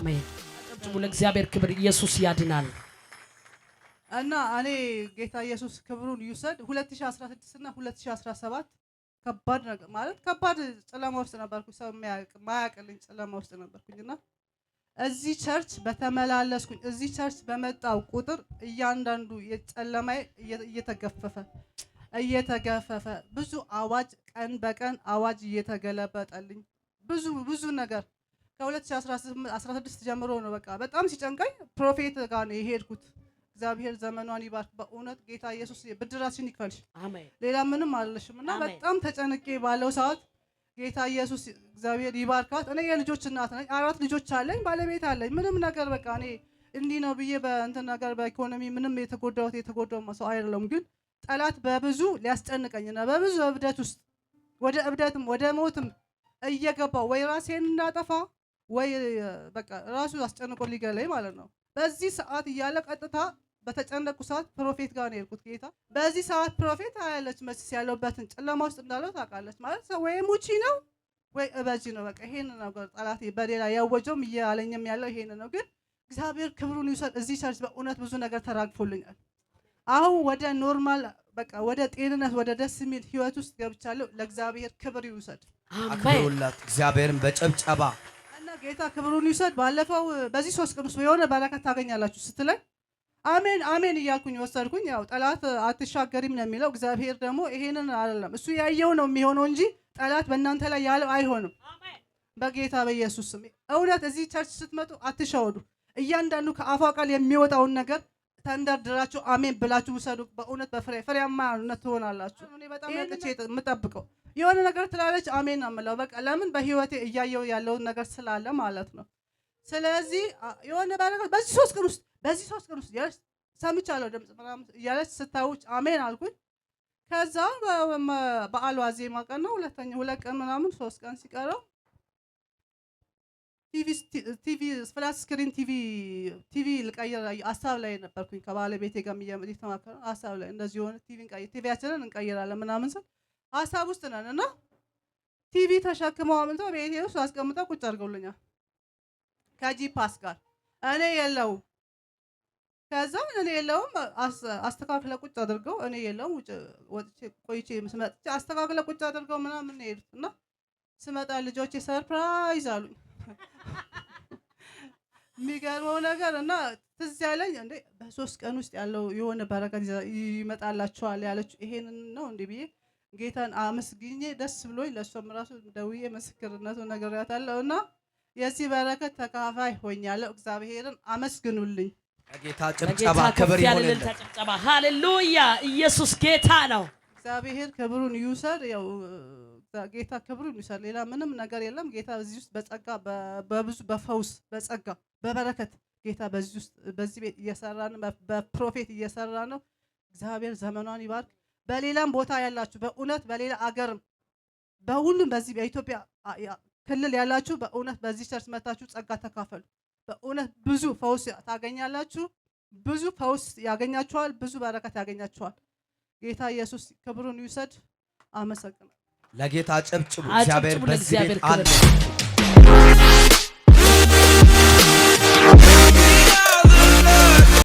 አሜን። አጨብጭቡ ለእግዚአብሔር ክብር። ኢየሱስ ያድናል እና እኔ ጌታ ኢየሱስ ክብሩን ይውሰድ። 2016 እና 2017 ከባድ ነገር ማለት ከባድ ጨለማ ውስጥ ነበርኩ። ሰው የማያውቅልኝ ጨለማ ውስጥ ነበርኩኝና እዚህ ቸርች በተመላለስኩኝ እዚህ ቸርች በመጣው ቁጥር እያንዳንዱ የጨለማ እየተገፈፈ እየተገፈፈ ብዙ አዋጅ ቀን በቀን አዋጅ እየተገለበጠልኝ ብዙ ብዙ ነገር ከ2016 ጀምሮ ነው በቃ በጣም ሲጨንቀኝ ፕሮፌት ጋር ነው የሄድኩት። እግዚአብሔር ዘመኗን ይባርክ። በእውነት ጌታ ኢየሱስ ብድራችን ይክፈልሽ፣ ሌላ ምንም አልልሽም። እና በጣም ተጨንቄ ባለው ሰዓት ጌታ ኢየሱስ እግዚአብሔር ይባርካት። እኔ የልጆች እናት ነኝ፣ አራት ልጆች አለኝ፣ ባለቤት አለኝ። ምንም ነገር በቃ እኔ እንዲህ ነው ብዬ በእንትን ነገር በኢኮኖሚ ምንም የተጎዳሁት የተጎዳው ሰው አይደለም። ግን ጠላት በብዙ ሊያስጨንቀኝና በብዙ እብደት ውስጥ ወደ እብደትም ወደ ሞትም እየገባው ወይ ራሴን እንዳጠፋ ወይ በቃ ራሱ አስጨንቆ ሊገለኝ ማለት ነው። በዚህ ሰዓት እያለ ቀጥታ በተጨነቁ ሰዓት ፕሮፌት ጋር ነው የሄድኩት። ጌታ በዚህ ሰዓት ፕሮፌት አያለች መሲስ ያለበትን ጨለማ ውስጥ እንዳለው ታውቃለች ማለት ነው። ወይ ሙቺ ነው ወይ እበጂ ነው። በቃ ይሄን ነገር ጠላት በሌላ ያወጀውም እያለኝም ያለው ይሄን ነው። ግን እግዚአብሔር ክብሩን ይውሰድ። እዚህ ቸርች በእውነት ብዙ ነገር ተራግፎልኛል። አሁን ወደ ኖርማል በቃ ወደ ጤንነት ወደ ደስ የሚል ህይወት ውስጥ ገብቻለሁ። ለእግዚአብሔር ክብር ይውሰድ። አክብሩላት እግዚአብሔርን በጨብጨባ ጌታ ክብሩን ይውሰድ። ባለፈው በዚህ ሶስት ቅዱስ የሆነ በረከት ታገኛላችሁ ስትለኝ አሜን አሜን እያልኩኝ ወሰድኩኝ። ያው ጠላት አትሻገሪም ነው የሚለው እግዚአብሔር ደግሞ ይሄንን አይደለም እሱ ያየው ነው የሚሆነው እንጂ ጠላት በእናንተ ላይ ያለው አይሆንም። በጌታ በኢየሱስ ስም እውነት እዚህ ቸርች ስትመጡ አትሻወዱ። እያንዳንዱ ከአፏ ቃል የሚወጣውን ነገር ተንደርድራችሁ አሜን ብላችሁ ውሰዱ። በእውነት በፍሬ ፍሬያማ ትሆናላችሁ። እኔ በጣም የምጠብቀው የሆነ ነገር ትላለች፣ አሜን አምለው በቃ ለምን በህይወቴ እያየው ያለውን ነገር ስላለ ማለት ነው። ስለዚህ የሆነ ባለፈ በዚህ ሶስት ቀን ውስጥ በዚህ ሶስት ቀን ውስጥ ያለች ሰምቻለሁ ድምፅ ምናምን እያለች ስታውጭ አሜን አልኩኝ። ከዛ በዓሉ ዋዜማ ቀን ነው። ሁለተኛ ሁለት ቀን ምናምን ሶስት ቀን ሲቀረው ቲቪ ፍላት ስክሪን ቲቪ ቲቪ ልቀይር ሀሳብ ላይ ነበርኩኝ ከባለቤቴ ጋር የተማከረ ሀሳብ ላይ እንደዚህ ሆነ ቲቪ ቲቪያችንን እንቀይራለን ምናምን ስል ሀሳብ ውስጥ ነን እና ቲቪ ተሸክመው አምልተው ቤቴ ውስጥ አስቀምጠው ቁጭ አድርገውልኛል ከጂፓስ ጋር እኔ የለውም። ከዛ እኔ የለውም አስተካክለ ቁጭ አድርገው እኔ የለውም ውጭ ወጥቼ ቆይቼ ስመጥቼ አስተካክለ ቁጭ አድርገው ምናምን ሄዱት እና ስመጣ ልጆቼ ሰርፕራይዝ አሉኝ። የሚገርመው ነገር እና ትዝ ያለኝ እንዴ በሶስት ቀን ውስጥ ያለው የሆነ በረከት ይመጣላችኋል ያለችው ይሄንን ነው እንዲ ብዬ ጌታን አመስግኜ ደስ ብሎኝ ለእሷም ራሱ ደውዬ ምስክርነቱ ነግሬያታለሁ እና የዚህ በረከት ተካፋይ ሆኛለሁ። እግዚአብሔርን አመስግኑልኝ። ጌታ ጭብጨባ ክብር ይሆንልን። ጭብጨባ ሃሌሉያ። ኢየሱስ ጌታ ነው። እግዚአብሔር ክብሩን ይውሰድ። ያው ጌታ ክብሩን ይውሰድ። ሌላ ምንም ነገር የለም። ጌታ በዚህ ውስጥ በጸጋ በብዙ በፈውስ በጸጋ በበረከት ጌታ በዚህ ውስጥ በዚህ ቤት እየሰራ ነው። በፕሮፌት እየሰራ ነው። እግዚአብሔር ዘመኗን ይባርክ። በሌላም ቦታ ያላችሁ በእውነት በሌላ አገር በሁሉም በዚህ በኢትዮጵያ ክልል ያላችሁ በእውነት በዚህ ቸርች መታችሁ ጸጋ ተካፈሉ። በእውነት ብዙ ፈውስ ታገኛላችሁ። ብዙ ፈውስ ያገኛችኋል። ብዙ በረከት ያገኛችኋል። ጌታ ኢየሱስ ክብሩን ይውሰድ። አመሰግናለሁ። ለጌታ ጨብጭቡ። እግዚአብሔር በዚህ ቤት አለ።